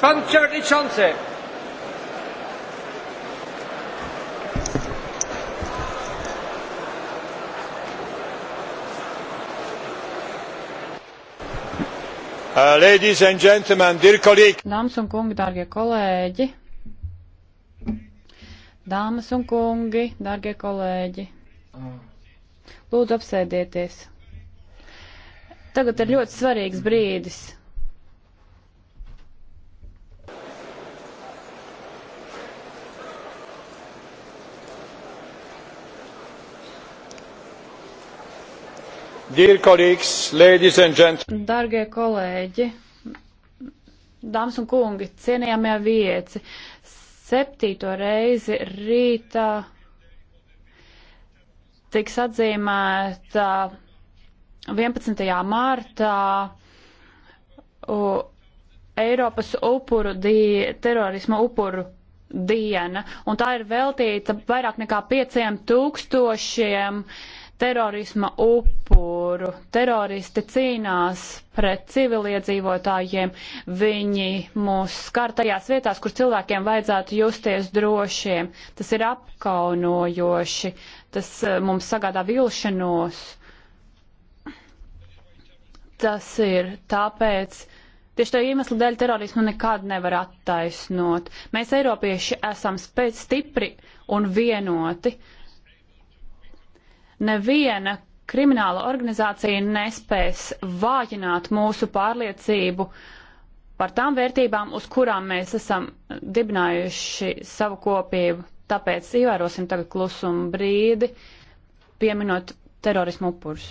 Pan Przewodniczący! Uh, ladies and gentlemen, dear colleagues. Dāmas un kungi, dārgie kolēģi. Dāmas un kungi, dārgie kolēģi. Lūdzu, apsēdieties. Tagad ir ļoti svarīgs brīdis. Dargie kolēģi, dāmas un kungi, cienījamie vieci, septīto reizi rītā tiks atzīmēta 11. martā uh, Eiropas upuru die, terorisma upuru diena, un tā ir veltīta vairāk nekā 5000 terorisma upuru. Teroristi cīnās pret civiliedzīvotājiem, viņi mūs skar tajās vietās, kur cilvēkiem vajadzētu justies drošiem. Tas ir apkaunojoši, tas eh, mums sagādā vilšanos tas ir tāpēc, tieši tā iemesla dēļ terorismu nekad nevar attaisnot. Mēs, Eiropieši, esam spēc stipri un vienoti. Neviena krimināla organizācija nespēs vājināt mūsu pārliecību par tām vērtībām, uz kurām mēs esam dibinājuši savu kopību. Tāpēc ievērosim tagad klusumu brīdi, pieminot terorismu upurus.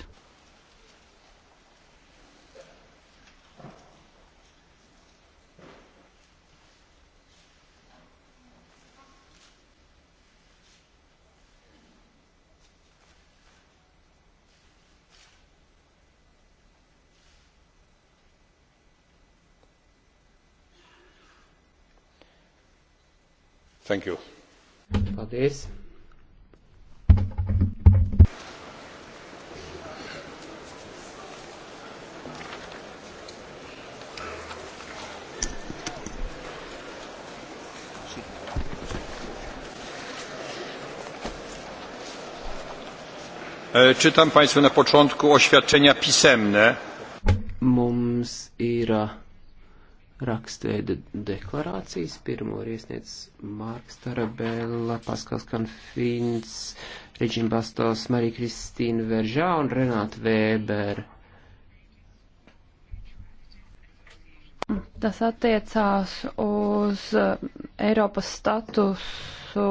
Thank you. Paldies. E, czytam Państwu na początku oświadczenia pisemne. Mums yra rakstveida deklarācijas. Pirmo ir iesniedzis Mārks Tarabella, Paskals Kanfīns, Reģina Bastos, Marija Kristīna Veržā un Renāta Vēbera. Tas attiecās uz eh, Eiropas statusu